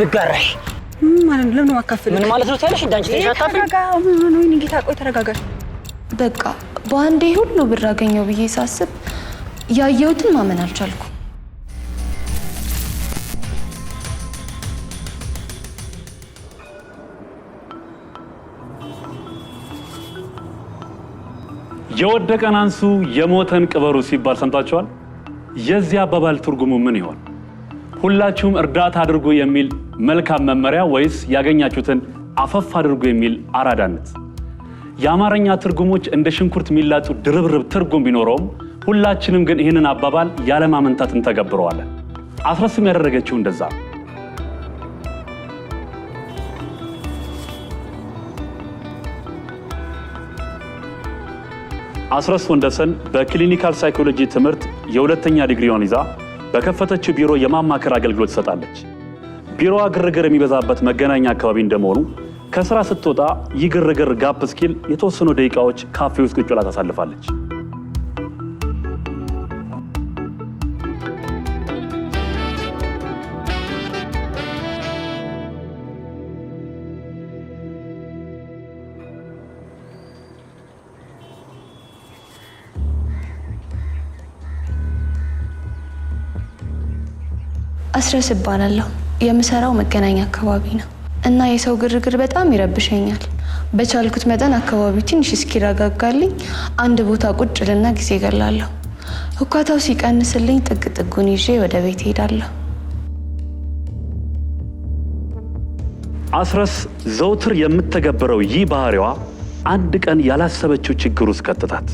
ብጋራሽ ማለት ለምን ማካፈል ምን ማለት ነው ታለሽ? እንዳንቺ ጌታ ቆይ ተረጋጋሽ። በቃ በአንዴ ሁሉ ብር አገኘው ብዬ ሳስብ ያየሁትን ማመን አልቻልኩ። የወደቀን አንሱ የሞተን ቅበሩ ሲባል ሰምታችኋል። የዚህ አባባል ትርጉሙ ምን ይሆን? ሁላችሁም እርዳታ አድርጉ የሚል መልካም መመሪያ ወይስ ያገኛችሁትን አፈፍ አድርጉ የሚል አራዳነት? የአማርኛ ትርጉሞች እንደ ሽንኩርት የሚላጡ ድርብርብ ትርጉም ቢኖረውም ሁላችንም ግን ይህንን አባባል ያለማመንታት እንተገብረዋለን። አስረስም ያደረገችው እንደዛ አስረስ ወንደሰን በክሊኒካል ሳይኮሎጂ ትምህርት የሁለተኛ ዲግሪዋን ይዛ በከፈተችው ቢሮ የማማከር አገልግሎት ትሰጣለች። ቢሮዋ ግርግር የሚበዛበት መገናኛ አካባቢ እንደመሆኑ ከስራ ስትወጣ ይህ ግርግር ጋፕ ስኪል የተወሰኑ ደቂቃዎች ካፌ ውስጥ ቁጭ ብላ ታሳልፋለች። አስረስ እባላለሁ። የምሰራው መገናኛ አካባቢ ነው እና የሰው ግርግር በጣም ይረብሸኛል። በቻልኩት መጠን አካባቢው ትንሽ እስኪረጋጋልኝ አንድ ቦታ ቁጭ ልና ጊዜ ገላለሁ። ሁካታው ሲቀንስልኝ ጥግ ጥጉን ይዤ ወደ ቤት ሄዳለሁ። አስረስ ዘውትር የምተገብረው ይህ ባህሪዋ አንድ ቀን ያላሰበችው ችግር ውስጥ ቀጥታት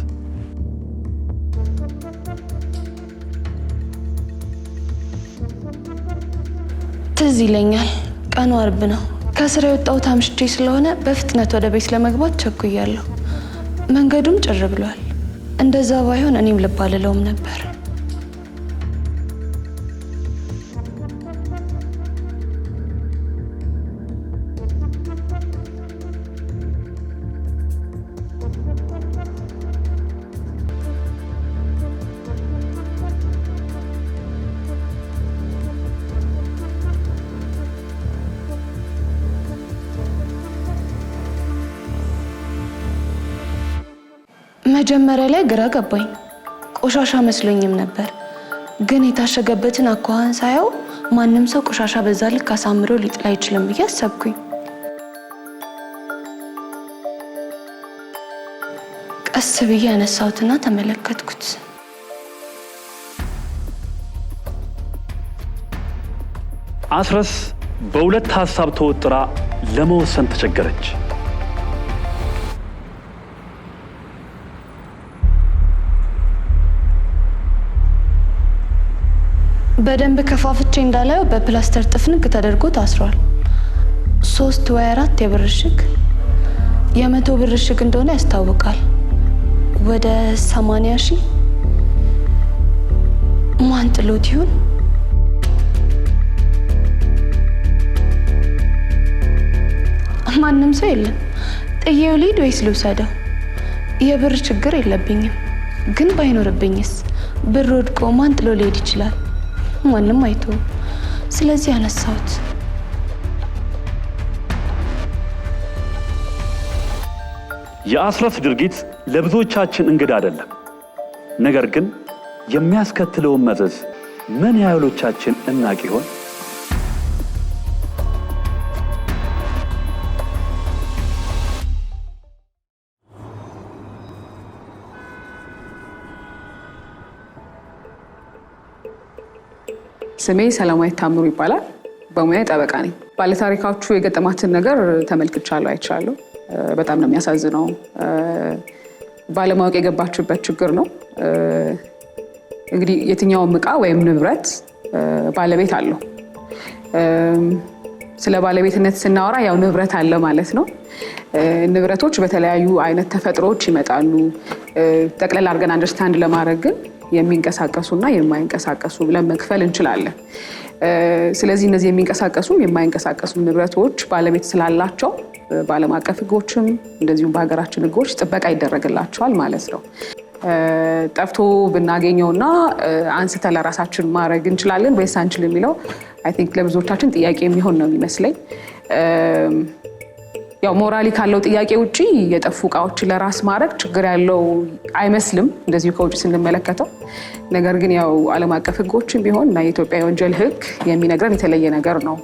ትዝ ይለኛል፣ ቀኑ አርብ ነው። ከስራ የወጣሁት አምሽቼ ስለሆነ በፍጥነት ወደ ቤት ለመግባት ቸኩያለሁ። መንገዱም ጭር ብሏል። እንደዛ ባይሆን እኔም ልብ አልለውም ነበር። መጀመሪያ ላይ ግራ ገባኝ። ቆሻሻ መስሎኝም ነበር፣ ግን የታሸገበትን አኳኋን ሳየው ማንም ሰው ቆሻሻ በዛ ልክ አሳምሮ ሊጥል አይችልም ብዬ አሰብኩኝ። ቀስ ብዬ ያነሳሁትና ተመለከትኩት። አስረስ በሁለት ሀሳብ ተወጥራ ለመወሰን ተቸገረች። በደንብ ከፋፍቼ እንዳላየው በፕላስተር ጥፍንግ ተደርጎ ታስሯል። ሶስት ወይ አራት የብር እሽግ የመቶ ብር እሽግ እንደሆነ ያስታውቃል። ወደ ሰማንያ ሺህ ማን ጥሎት ይሁን? ማንም ሰው የለም። ጥዬው ልሂድ ወይስ ልውሰደው? የብር ችግር የለብኝም፣ ግን ባይኖርብኝስ? ብር ወድቆ ማን ጥሎ ሊሄድ ይችላል? ማንም አይቶ፣ ስለዚህ ያነሳሁት የአስረስ ድርጊት ለብዙዎቻችን እንግዳ አይደለም። ነገር ግን የሚያስከትለውን መዘዝ ምን ያህሎቻችን እናቅ ይሆን? ስሜ ሰላማዊት ታምሩ ይባላል። በሙያ ጠበቃ ነኝ። ባለታሪካዎቹ የገጠማትን ነገር ተመልክቻለሁ፣ አይቻለሁ። በጣም ነው የሚያሳዝነው። ባለማወቅ የገባችበት ችግር ነው። እንግዲህ የትኛውም እቃ ወይም ንብረት ባለቤት አለው። ስለ ባለቤትነት ስናወራ ያው ንብረት አለ ማለት ነው። ንብረቶች በተለያዩ አይነት ተፈጥሮዎች ይመጣሉ። ጠቅለል አድርገን አንደርስታንድ ለማድረግ ግን የሚንቀሳቀሱና የማይንቀሳቀሱ ብለን መክፈል እንችላለን። ስለዚህ እነዚህ የሚንቀሳቀሱም የማይንቀሳቀሱም ንብረቶች ባለቤት ስላላቸው በዓለም አቀፍ ሕጎችም እንደዚሁም በሀገራችን ሕጎች ጥበቃ ይደረግላቸዋል ማለት ነው። ጠፍቶ ብናገኘውና አንስተ ለራሳችን ማድረግ እንችላለን ወይስ አንችል የሚለው አይ ቲንክ ለብዙዎቻችን ጥያቄ የሚሆን ነው የሚመስለኝ። ያው ሞራሊ ካለው ጥያቄ ውጭ የጠፉ እቃዎችን ለራስ ማድረግ ችግር ያለው አይመስልም እንደዚሁ ከውጭ ስንመለከተው። ነገር ግን ያው ዓለም አቀፍ ሕጎችን ቢሆን እና የኢትዮጵያ የወንጀል ሕግ የሚነግረን የተለየ ነገር ነው።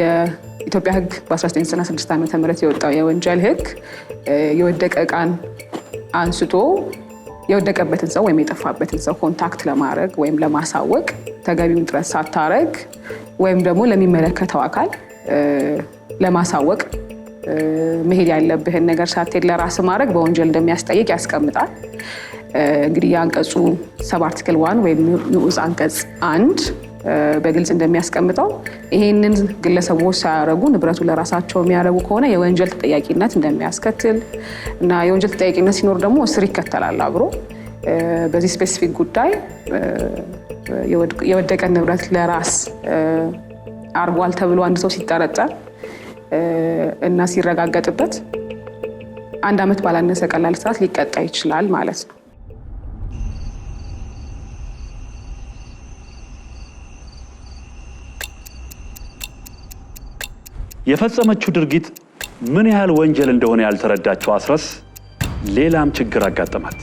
የኢትዮጵያ ሕግ በ1996 ዓ ም የወጣው የወንጀል ሕግ የወደቀ እቃን አንስቶ የወደቀበትን ሰው ወይም የጠፋበትን ሰው ኮንታክት ለማድረግ ወይም ለማሳወቅ ተገቢውን ጥረት ሳታረግ ወይም ደግሞ ለሚመለከተው አካል ለማሳወቅ መሄድ ያለብህን ነገር ሳትሄድ ለራስ ማድረግ በወንጀል እንደሚያስጠይቅ ያስቀምጣል። እንግዲህ የአንቀጹ ሰብ አርቲክል ዋን ወይም ንዑስ አንቀጽ አንድ በግልጽ እንደሚያስቀምጠው ይሄንን ግለሰቦች ሳያደረጉ ንብረቱ ለራሳቸው የሚያደረጉ ከሆነ የወንጀል ተጠያቂነት እንደሚያስከትል እና የወንጀል ተጠያቂነት ሲኖር ደግሞ እስር ይከተላል አብሮ። በዚህ ስፔሲፊክ ጉዳይ የወደቀን ንብረት ለራስ አርጓል ተብሎ አንድ ሰው ሲጠረጠር እና ሲረጋገጥበት አንድ ዓመት ባላነሰ ቀላል እስራት ሊቀጣ ይችላል ማለት ነው። የፈጸመችው ድርጊት ምን ያህል ወንጀል እንደሆነ ያልተረዳቸው አስረስ ሌላም ችግር አጋጠማት።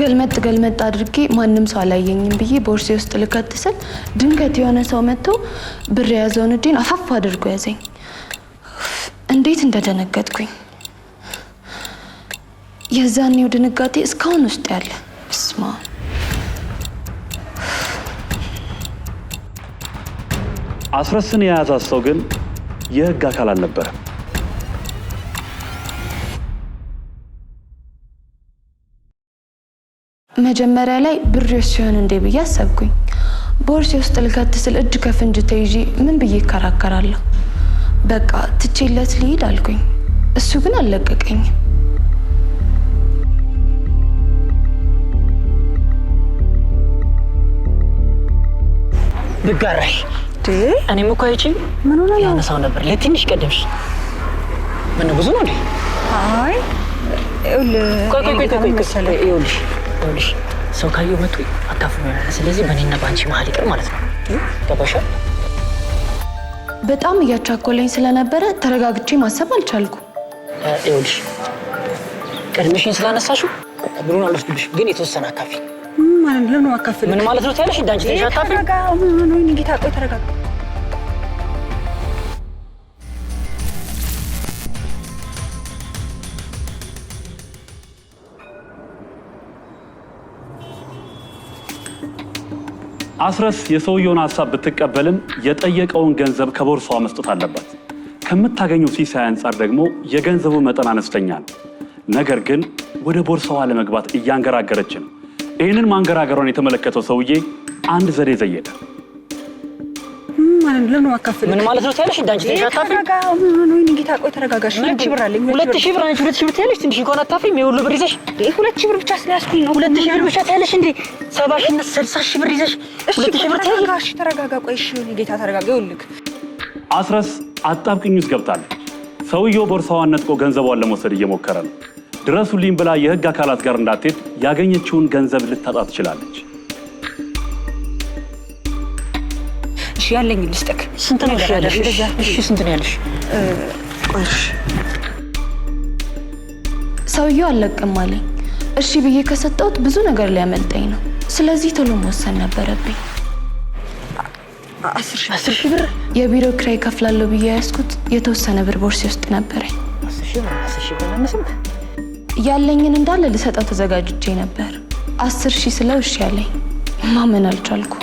ገልመጥ ገልመጥ አድርጌ ማንም ሰው አላየኝም ብዬ ቦርሴ ውስጥ ልከት ስል ድንገት የሆነ ሰው መጥቶ ብር የያዘውን እጄን አፋፍ አድርጎ ያዘኝ። እንዴት እንደደነገጥኩኝ የዛኔው ድንጋጤ እስካሁን ውስጥ ያለ ስማ አስረስን የያዛት ሰው ግን የህግ አካል አልነበረም። መጀመሪያ ላይ ብር ሲሆን እንዴ ብዬ አሰብኩኝ። ቦርሴ ውስጥ ልከት ስል እጅ ከፍንጅ ተይዤ ምን ብዬ ይከራከራለሁ? በቃ ትቼለት ልሂድ አልኩኝ። እሱ ግን አልለቀቀኝም። ብጋራሽ እኔም እኮ አይቺ ምን ሆነ ያነሳው ነበር። ለትንሽ ቀደምሽ። ምን ብዙ ነው እንዴ? አይ ቆይ ቆይ ቆይ ቆይ ቆይ ይኸውልሽ ሰው ካየው መጡ አካፍሎ ያለ ስለዚህ በእኔና በአንቺ መሀል ይቅር ማለት ነው። ገባሻል? በጣም እያቻኮለኝ ስለነበረ ተረጋግቼ ማሰብ አልቻልኩ። ይኸውልሽ ቀድሜሽን ስላነሳሽው ብሎን አለፍኩልሽ፣ ግን የተወሰነ አካፊ ምን አካፍል ምን ማለት ነው? ታያለሽ እንዳንቺ ተሻታፍ ተረጋ ምን ምን ጌታ ቆይ ተረጋጋ አስረስ የሰውየውን ሀሳብ ብትቀበልም የጠየቀውን ገንዘብ ከቦርሳዋ መስጠት አለባት። ከምታገኘው ሲሳይ አንጻር ደግሞ የገንዘቡ መጠን አነስተኛ ነው። ነገር ግን ወደ ቦርሳዋ ለመግባት እያንገራገረች ነው። ይህንን ማንገራገሯን የተመለከተው ሰውዬ አንድ ዘዴ ዘየደ። ምን ማለት ነው ታለሽ? እንዳንቺ ትንሽ አታፍሪም? ሁለት ሺህ ብር አንቺ ሁለት ሺህ ብር ትያለሽ? ትንሽ እንኳን አታፍሪም? የሁሉ ብር ይዘሽ ሁለት ሺህ ብር ብቻ ስለያዝኩኝ ነው። ሁለት ሺህ ብር ብቻ ታለሽ እንዴ? ሰባ ሺህ እና ስልሳ ሺህ ብር ይዘሽ ሁለት ሺህ ብር ታለሽ? ተረጋጋ። ቆይ እሺ፣ ጌታ ተረጋጋ። ይኸውልህ አስረስ አጣብቅኝ ውስጥ ገብታለች። ሰውየው ቦርሳዋን ነጥቆ ገንዘቧን ለመውሰድ እየሞከረ ነው። ድረሱልኝ ብላ የህግ አካላት ጋር እንዳትሄድ ያገኘችውን ገንዘብ ልታጣ ትችላለች። እሺ ያለኝ ልስጥክ። ስንት ነው ያለሽ? እሺ ስንት ነው ያለሽ? ሰውየው አለቅም አለኝ። እሺ ብዬ ከሰጠሁት ብዙ ነገር ሊያመልጠኝ ነው። ስለዚህ ቶሎ መወሰን ነበረብኝ። አስር ሺህ ብር የቢሮ ክራይ ከፍላለሁ ብዬ ያዝኩት የተወሰነ ብር ቦርሴ ውስጥ ነበረኝ። ያለኝን እንዳለ ልሰጠው ተዘጋጅቼ ነበር። አስር ሺህ ስለው እሺ ያለኝ ማመን አልቻልኩ።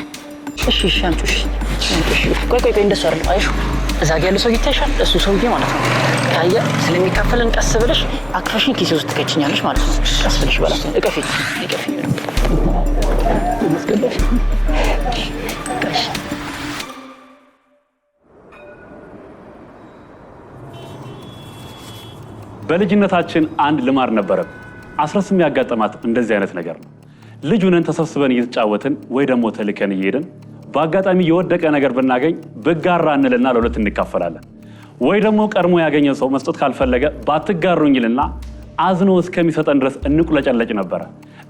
እሺ እሺ አምጪው ቆይ ቆይ ቆይ፣ እንደሱ አይደለም። አይሹ እዛ ጋ ያለው ሰውዬ ይታይሻል? እሱ ሰውዬ ማለት ነው። ታየ ስለሚካፈለን ቀስ ብለሽ አክፈሽን ኪሴ ውስጥ ትከችኛለሽ ማለት ነው። ቀስ ብለሽ በላት። እቀፊ እቀፊ በልጅነታችን አንድ ልማድ ነበረ። አስረስም ያጋጠማት እንደዚህ አይነት ነገር ነው። ልጅ ሁነን ተሰብስበን እየተጫወትን ወይ ደግሞ ተልከን እየሄደን በአጋጣሚ የወደቀ ነገር ብናገኝ ብጋራ እንልና ለሁለት እንካፈላለን። ወይ ደግሞ ቀድሞ ያገኘ ሰው መስጠት ካልፈለገ ባትጋሩኝ ይልና አዝኖ እስከሚሰጠን ድረስ እንቁለጨለጭ ነበረ።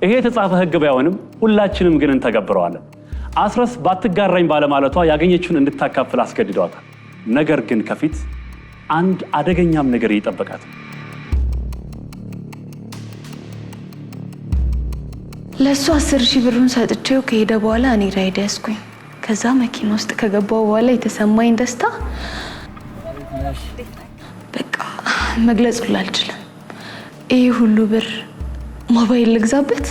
ይሄ የተጻፈ ሕግ ባይሆንም ሁላችንም ግን እንተገብረዋለን። አስረስ ባትጋራኝ ባለማለቷ ያገኘችውን እንድታካፍል አስገድደዋታል። ነገር ግን ከፊት አንድ አደገኛም ነገር እየጠበቃት ለእሱ አስር ሺህ ብሩን ሰጥቼው ከሄደ በኋላ እኔ ራይድ ከዛ መኪና ውስጥ ከገባው በኋላ የተሰማኝ ደስታ በቃ መግለጽ ሁሉ አልችልም። ይህ ሁሉ ብር ሞባይል ልግዛበት?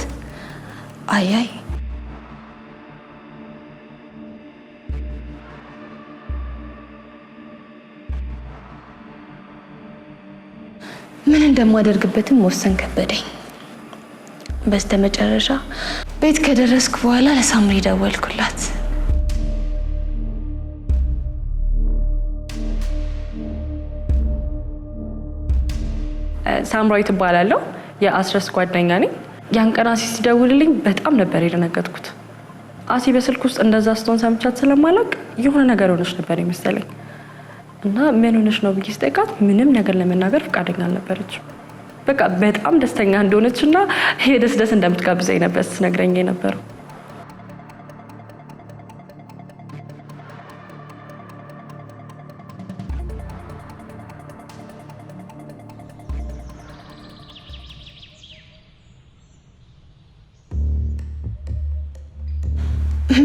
አያይ ምን እንደማደርግበትም ወሰን ከበደኝ። በስተመጨረሻ ቤት ከደረስኩ በኋላ ለሳምሪ ደወልኩላት። ሳምራዊ ትባላለሁ። የአስረስ ጓደኛ ነኝ። ያን ቀን አሲ ሲደውልልኝ በጣም ነበር የደነገጥኩት። አሲ በስልክ ውስጥ እንደዛ ስትሆን ሰምቻት ስለማላቅ የሆነ ነገር ሆነች ነበር የመሰለኝ እና ምን ሆነች ነው ብዬ ስጠይቃት ምንም ነገር ለመናገር ፈቃደኛ አልነበረች። በቃ በጣም ደስተኛ እንደሆነች እና ይሄ ደስ እንደምትጋብዘኝ ነበር ስትነግረኝ የነበረው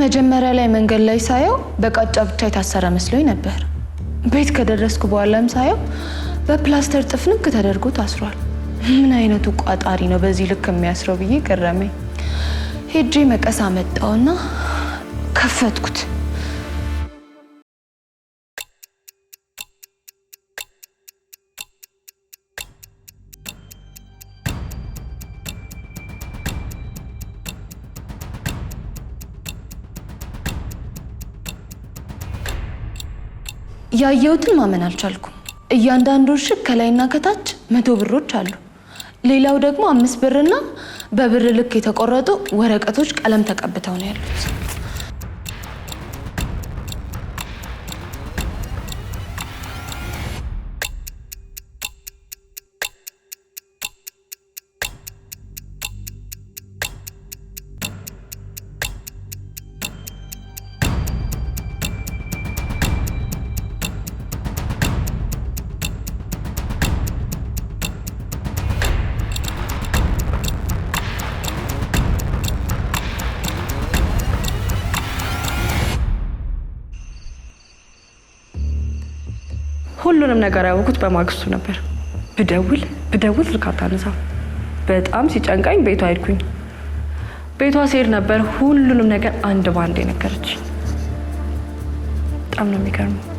መጀመሪያ ላይ መንገድ ላይ ሳየው በቃጫ ብቻ የታሰረ መስሎኝ ነበር። ቤት ከደረስኩ በኋላም ሳየው በፕላስተር ጥፍንክ ተደርጎ ታስሯል። ምን አይነቱ ቋጣሪ ነው በዚህ ልክ የሚያስረው ብዬ ገረመኝ። ሄጄ መቀስ አመጣውና ከፈትኩት። ያየሁትን ማመን አልቻልኩም። እያንዳንዱ እሽግ ከላይና ከታች መቶ ብሮች አሉ። ሌላው ደግሞ አምስት ብርና በብር ልክ የተቆረጡ ወረቀቶች ቀለም ተቀብተው ነው ያሉት። ሁሉንም ነገር ያወቁት በማግስቱ ነበር። ብደውል ብደውል ስልክ አታነሳም። በጣም ሲጨንቃኝ ቤቷ ሄድኩኝ። ቤቷ ስሄድ ነበር ሁሉንም ነገር አንድ በአንድ የነገረች። በጣም ነው የሚገርመው።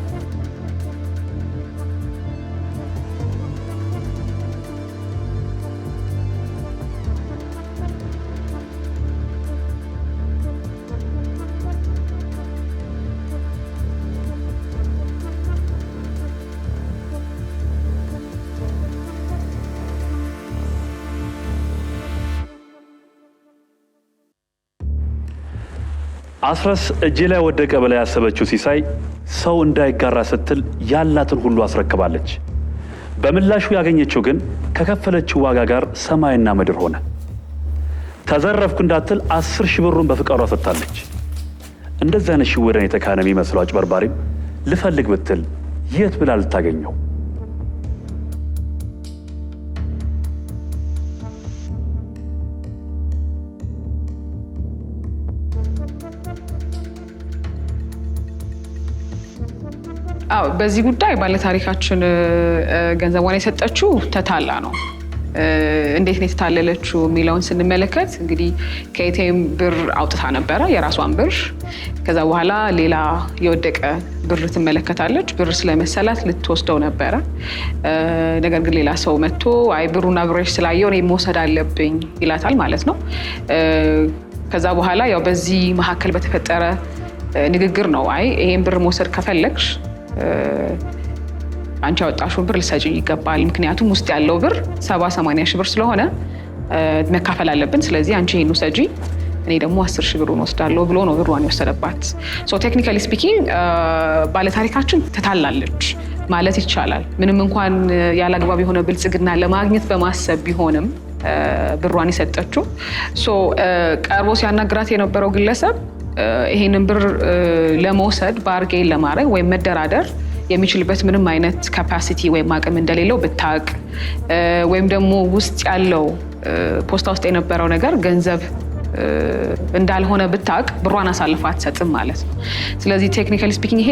አስረስ እጄ ላይ ወደቀ ብላ ያሰበችው ሲሳይ ሰው እንዳይጋራ ስትል ያላትን ሁሉ አስረክባለች። በምላሹ ያገኘችው ግን ከከፈለችው ዋጋ ጋር ሰማይና ምድር ሆነ። ተዘረፍኩ እንዳትል አስር ሺህ ብሩን በፍቃዷ ሰጥታለች። እንደዚህ አይነት ሽወዳን የተካነ የሚመስለው አጭበርባሪም ልፈልግ ብትል የት ብላ ልታገኘው? አዎ በዚህ ጉዳይ ባለታሪካችን ገንዘቧን የሰጠችው ተታላ ነው። እንዴት ነው የተታለለችው የሚለውን ስንመለከት እንግዲህ ከኤቲኤም ብር አውጥታ ነበረ የራሷን ብር። ከዛ በኋላ ሌላ የወደቀ ብር ትመለከታለች። ብር ስለመሰላት ልትወስደው ነበረ። ነገር ግን ሌላ ሰው መጥቶ አይ ብሩና ብሮች ስላየው እኔ መውሰድ አለብኝ ይላታል ማለት ነው። ከዛ በኋላ ያው በዚህ መካከል በተፈጠረ ንግግር ነው አይ ይሄን ብር መውሰድ ከፈለግሽ አንቺ ያወጣሽውን ብር ልትሰጪኝ ይገባል። ምክንያቱም ውስጥ ያለው ብር ሰባ ሰማንያ ሺህ ብር ስለሆነ መካፈል አለብን። ስለዚህ አንቺ ይህን ውሰጂ እኔ ደግሞ አስር ሺህ ብሩን ወስዳለሁ ብሎ ነው ብሯን የወሰደባት። ቴክኒካሊ ስፒኪንግ ባለታሪካችን ትታላለች ማለት ይቻላል። ምንም እንኳን ያለአግባብ የሆነ ብልጽግና ለማግኘት በማሰብ ቢሆንም ብሯን የሰጠችው ቀርቦ ሲያናግራት የነበረው ግለሰብ ይሄንን ብር ለመውሰድ ባርጌን ለማድረግ ወይም መደራደር የሚችልበት ምንም አይነት ካፓሲቲ ወይም አቅም እንደሌለው ብታቅ ወይም ደግሞ ውስጥ ያለው ፖስታ ውስጥ የነበረው ነገር ገንዘብ እንዳልሆነ ብታቅ ብሯን አሳልፋ አትሰጥም ማለት ነው። ስለዚህ ቴክኒካሊ ስፒኪንግ ይሄ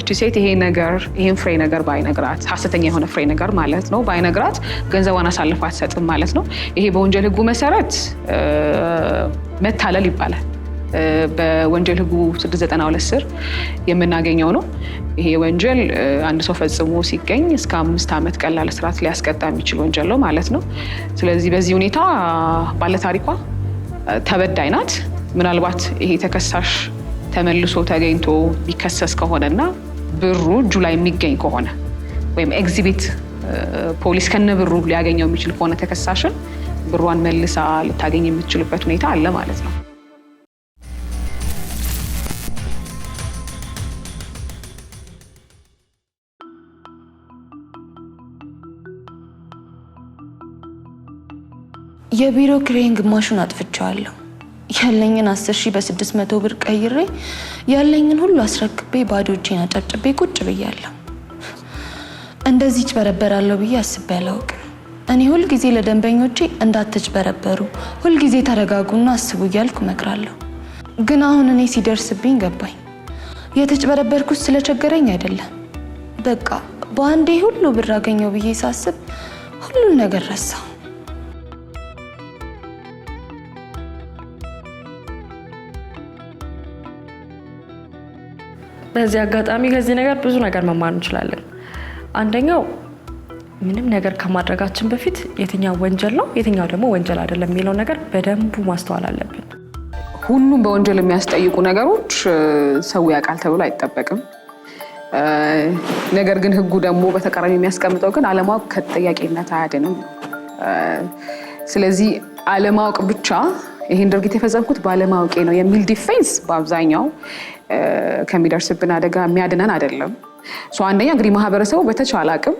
እቺ ሴት ይሄ ነገር ይሄን ፍሬ ነገር ባይነግራት ሀሰተኛ የሆነ ፍሬ ነገር ማለት ነው ባይነግራት ገንዘቧን አሳልፋ አትሰጥም ማለት ነው። ይሄ በወንጀል ህጉ መሰረት መታለል ይባላል። በወንጀል ህጉ 692 ስር የምናገኘው ነው። ይሄ ወንጀል አንድ ሰው ፈጽሞ ሲገኝ እስከ አምስት ዓመት ቀላል እስራት ሊያስቀጣ የሚችል ወንጀል ነው ማለት ነው። ስለዚህ በዚህ ሁኔታ ባለታሪኳ ተበዳይ ናት። ምናልባት ይሄ ተከሳሽ ተመልሶ ተገኝቶ ቢከሰስ ከሆነና ብሩ እጁ ላይ የሚገኝ ከሆነ ወይም ኤግዚቢት ፖሊስ ከነ ብሩ ሊያገኘው የሚችል ከሆነ ተከሳሽን ብሯን መልሳ ልታገኝ የምትችልበት ሁኔታ አለ ማለት ነው። የቢሮ ክሬን ግማሹን አጥፍቼዋለሁ። ያለኝን አስር ሺህ በስድስት መቶ ብር ቀይሬ ያለኝን ሁሉ አስረክቤ ባዶ እጄን አጨብጭቤ ቁጭ ብያለሁ። እንደዚህ ጭበረበራለሁ ብዬ አስቤ አላውቅም። እኔ ሁልጊዜ ለደንበኞቼ እንዳትጭበረበሩ፣ ሁልጊዜ ተረጋጉና አስቡ እያልኩ እመክራለሁ። ግን አሁን እኔ ሲደርስብኝ ገባኝ። የተጭበረበርኩት ስለቸገረኝ አይደለም። በቃ በአንዴ ሁሉ ብር አገኘው ብዬ ሳስብ ሁሉን ነገር ረሳው። በዚህ አጋጣሚ ከዚህ ነገር ብዙ ነገር መማር እንችላለን። አንደኛው ምንም ነገር ከማድረጋችን በፊት የትኛው ወንጀል ነው የትኛው ደግሞ ወንጀል አይደለም የሚለው ነገር በደንቡ ማስተዋል አለብን። ሁሉም በወንጀል የሚያስጠይቁ ነገሮች ሰው ያውቃል ተብሎ አይጠበቅም። ነገር ግን ሕጉ ደግሞ በተቃራኒ የሚያስቀምጠው ግን አለማወቅ ከተጠያቂነት አያድንም። ስለዚህ አለማወቅ ብቻ ይህን ድርጊት የፈጸምኩት ባለማወቄ ነው የሚል ዲፌንስ በአብዛኛው ከሚደርስብን አደጋ የሚያድነን አይደለም። አንደኛ እንግዲህ ማህበረሰቡ በተቻለ አቅም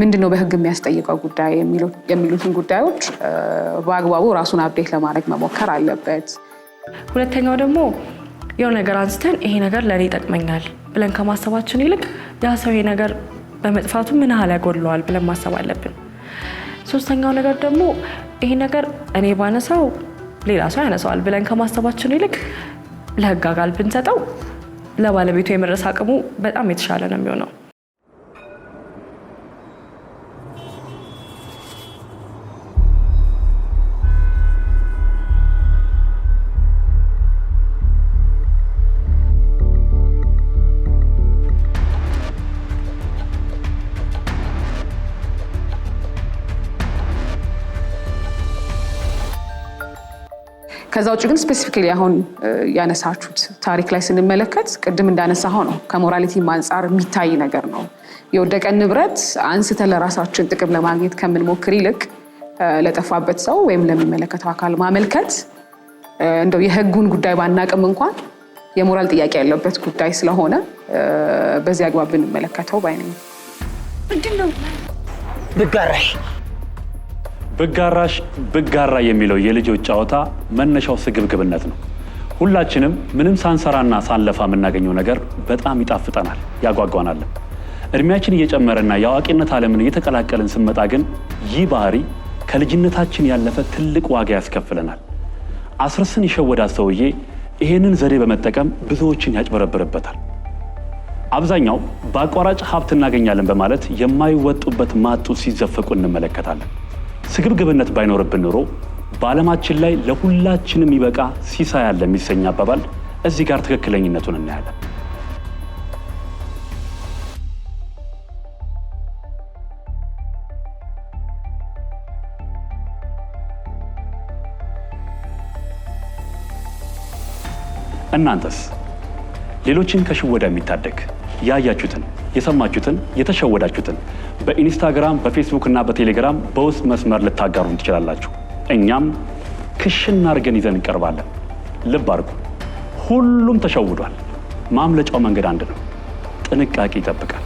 ምንድን ነው በህግ የሚያስጠይቀው ጉዳይ የሚሉትን ጉዳዮች በአግባቡ ራሱን አብዴት ለማድረግ መሞከር አለበት። ሁለተኛው ደግሞ የው ነገር አንስተን ይሄ ነገር ለእኔ ይጠቅመኛል ብለን ከማሰባችን ይልቅ ያ ሰው ይሄ ነገር በመጥፋቱ ምን ያህል ያጎድለዋል ብለን ማሰብ አለብን። ሶስተኛው ነገር ደግሞ ይሄ ነገር እኔ ባነሳው ሌላ ሰው ያነሳዋል ብለን ከማሰባችን ይልቅ ለህግ አካል ብንሰጠው ለባለቤቱ የመድረስ አቅሙ በጣም የተሻለ ነው የሚሆነው። ከዛ ውጭ ግን ስፔሲፊካሊ አሁን ያነሳችሁት ታሪክ ላይ ስንመለከት ቅድም እንዳነሳ ነው ከሞራሊቲም አንጻር የሚታይ ነገር ነው። የወደቀን ንብረት አንስተ ለራሳችን ጥቅም ለማግኘት ከምንሞክር ይልቅ ለጠፋበት ሰው ወይም ለሚመለከተው አካል ማመልከት እንደው የህጉን ጉዳይ ባናቅም እንኳን የሞራል ጥያቄ ያለበት ጉዳይ ስለሆነ በዚህ አግባብ ብንመለከተው ባይ ነኝ። ብጋራሽ ብጋራሽ ብጋራ የሚለው የልጆች ጨዋታ መነሻው ስግብግብነት ነው። ሁላችንም ምንም ሳንሰራና ሳንለፋ የምናገኘው ነገር በጣም ይጣፍጠናል፣ ያጓጓናል እድሜያችን እየጨመረና የአዋቂነት ዓለምን እየተቀላቀልን ስንመጣ ግን ይህ ባህሪ ከልጅነታችን ያለፈ ትልቅ ዋጋ ያስከፍለናል። አስርስን የሸወዳት ሰውዬ ይህንን ዘዴ በመጠቀም ብዙዎችን ያጭበረብርበታል። አብዛኛው በአቋራጭ ሀብት እናገኛለን በማለት የማይወጡበት ማጡ ሲዘፈቁ እንመለከታለን። ስግብግብነት ባይኖርብን ኑሮ በዓለማችን ላይ ለሁላችንም ይበቃ ሲሳይ አለ የሚሰኝ አባባል እዚህ ጋር ትክክለኝነቱን እናያለን። እናንተስ ሌሎችን ከሽወዳ የሚታደግ ያያችሁትን፣ የሰማችሁትን፣ የተሸወዳችሁትን በኢንስታግራም፣ በፌስቡክ እና በቴሌግራም በውስጥ መስመር ልታጋሩን ትችላላችሁ። እኛም ክሽና አድርገን ይዘን እንቀርባለን። ልብ አድርጉ፣ ሁሉም ተሸውዷል። ማምለጫው መንገድ አንድ ነው። ጥንቃቄ ይጠብቃል።